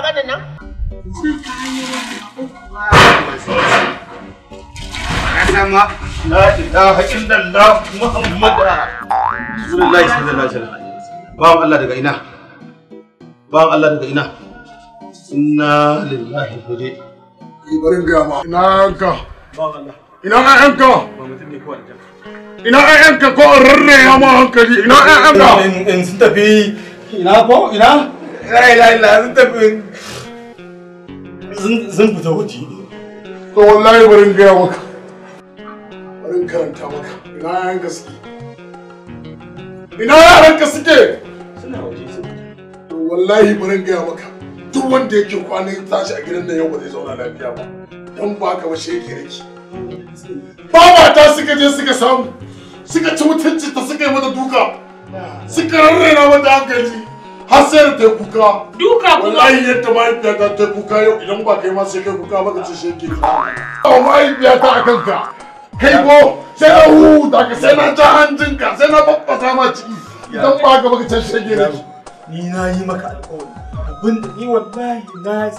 ka nan? Bawan Allah daga ina? Bawan Allah daga ina? ina lillahi wa inna ilaihi Ina ka? Bawan Allah. Ina ka? ko ina ƴaƴanka ko in rarraya ma hankali ina ƴaƴanka in sun tafi ina ko ina la ilaha fita waje barin gaya maka barin karanta maka ina ina barin gaya maka duk wanda yake kwanan tashi a gidan nan yau ba zai zauna lafiya ba dan ba ka ba shege rake baba ta suka je suka samu suka ci mutunci ta suka yi mata duka suka rarraina mata hankali har sai ta kuka duka kuma wallahi yadda mahaifiyata ta kuka yau idan ba kai ma sai kai kuka baka ce shege ta mahaifiyata a kanka kai ko sai na huta ka sai na ja ka sai na babbata ma ciki idan ba ka baka ce shege ne ni na yi maka alƙawari abinda ni wallahi na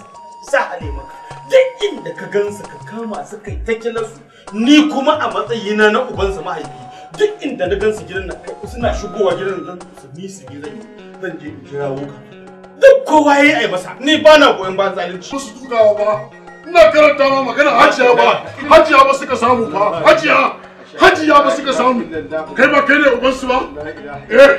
sahale maka duk inda ka gansa ka kama su kai ta kila su ni kuma a matsayina na ubansa mahaifi duk inda na gansu gidan nan suna shigowa gidan nan su ni su zan je in kira wuka duk kowa yayi ai masa ni ba na goyon ba zalunci su dukawa ba ina karanta ma magana hajiya ba hajiya ba suka samu ba hajiya hajiya ba suka samu kai ba kai ne uban su ba eh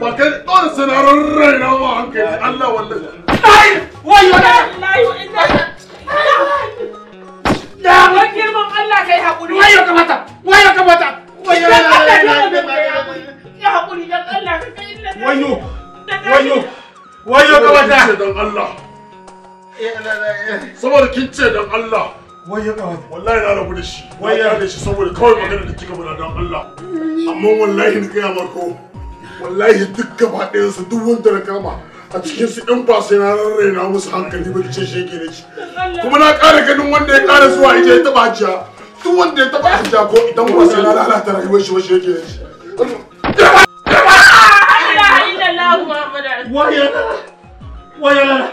ba kai sanarar raina hankali Allah wallahi ai wayo Allah wallahi ce dan Allah wai ya kawo wallahi na rabu da shi wai ya da shi saboda kawai magana da kika bada dan Allah amma wallahi ni ga marko wallahi duk gaba ɗayan su duk wanda na kama a cikin su ɗin ba sai na na musu hankali ba ce shi yake da shi kuma na ƙara ganin wanda ya ƙara zuwa ije ya taɓa hajiya duk wanda ya taɓa hajiya ko idan ba sai na lalata rayuwar shi ba shi yake da shi wayana wayana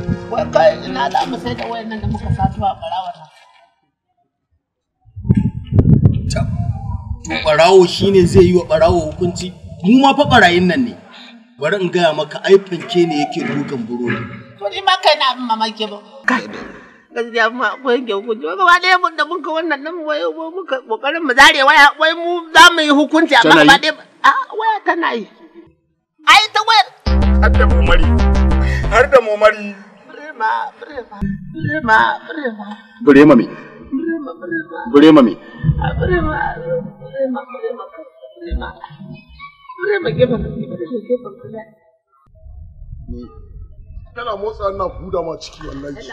wai kai ina za mu sai da wayannan da muka sato a barawar nan barawo shine zai yi wa barawo hukunci mu ma fa barayin nan ne bari in gaya maka ai fanke ne yake dukan burodi to ni ma kai na abin mamaki ba gaskiya ma akwai yanke hukunci wai gaba ɗaya mun da mun ka wannan nan wai ka kokarin mu zare waya wai mu za mu yi hukunci amma gaba ɗaya a waya tana yi ai ta wayar har da momari har da momari Burema, Burema, Burema, Burema. Burema me? Burema, Burema. Burema me? Burema, ah, Burema, Burema, Burema. Burema gefen kaji, Burema gefen motsa na huda ma ciki wallahi.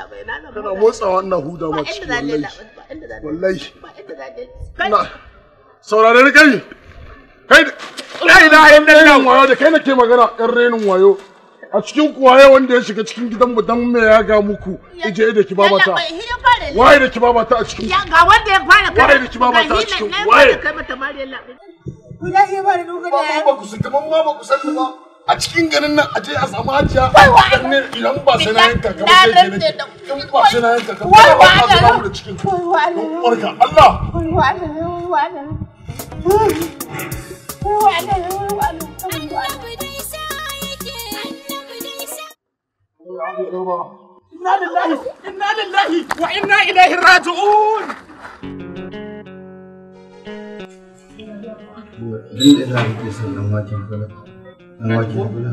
Kana motsa wannan huda ma ciki wallahi. Wallahi. Na saurare ni kai. Kai da ina da kan da kai nake magana kan wayo. a cikin kuwaye wanda ya shiga cikin gidanmu mu dan me ya ga muku ije da ki ta waye da ki ta a cikin ga wanda ya fara kai da ki ta a cikin waye kai mata mariyalla ba duka da ba ku san ba ku san ba a cikin nan a samu hajiya idan ba sai na yanka kamar sai ke ne ba sai na yanka kamar ba ka samu da cikin warka Allah warka warka Inna lillahi, inna lillahi wa inna ilaihi raji'un. Din da za ke son ɗan waken fula. Ɗan waken fula.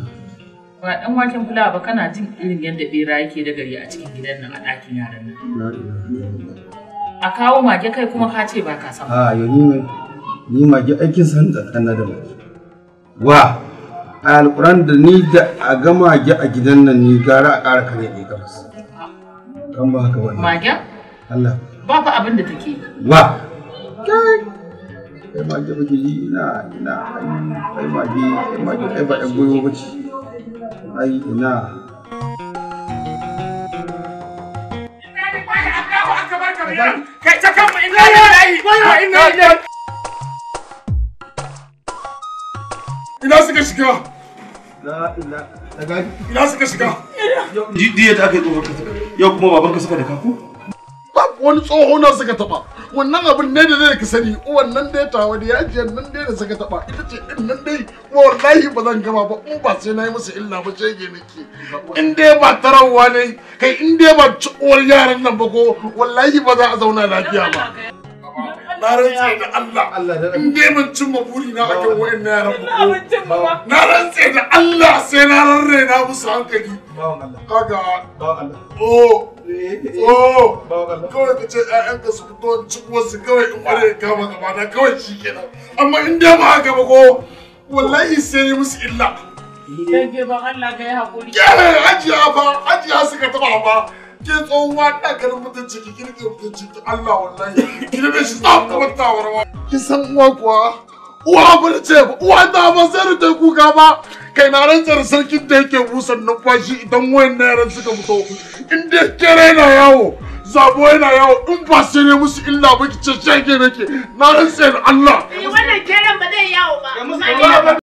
Ba ɗan waken fula ba kana jin irin yadda ɓera yake da gari a cikin gidan nan a ɗakin yaran nan. A kawo mage kai kuma ka ce ba ka san. A yau ni mage aikin san da da mage. Wa a alƙuran da ni da a ga mage a gidan nan ni gara a ƙara kare ɗaya gabas. Kan ba haka wani. Mage? Allah. Ba fa abin da take. Wa. Kai mage ba ke yi ina ina kai mage kai mage kai ba ƴan goyo ba ci. Ai ina. Kai ta kan mu ina ilahi wa ina ilahi. Ina suka shiga. La ila daga ina suka shiga. Jidiya ta kai tsohon kasa. Yau kuma baban ka suka da babu wani tsoho na suka taba wannan abin ne da zai ka sani wannan dai tawa da yajiyar nan dai da suka taba ita ce din nan dai wallahi ba zan gama ba in ba sai na yi musu illa ba ce shege nake in dai ba tarawa ne kai in dai ba ci uwar yaran nan ba ko wallahi ba za a zauna lafiya ba na rantse da Allah in dai ban cimma na a kan wa'annan yaran ba na rantse da Allah sai na rarre na musu hankali kaga o oh kawai ka ce ƴaƴanka su fito in ci wasu kawai in ware kama gaba na kawai shi kenan amma in dai ma haka ba ko wallahi sai musu illa. Kai ke ban Allah ka yi haƙuri. Ajiya ba, ajiya suka taɓa ba. ke tsohuwa ta garin mutunci ki kirke mutunci ta Allah wallahi ki da shi tsaf kamar tawarwa ki san uwa kuwa uwa ba ce ba uwa ta ba sai ta kuka ba kai na rantsar sarkin da yake busan kwashi idan wayan na yaran suka fito in da kere na yawo zabo yana yawo in ba sai ne musu illa ba ki ce shege nake na rantsar Allah eh, wannan keren ba zai yawo ba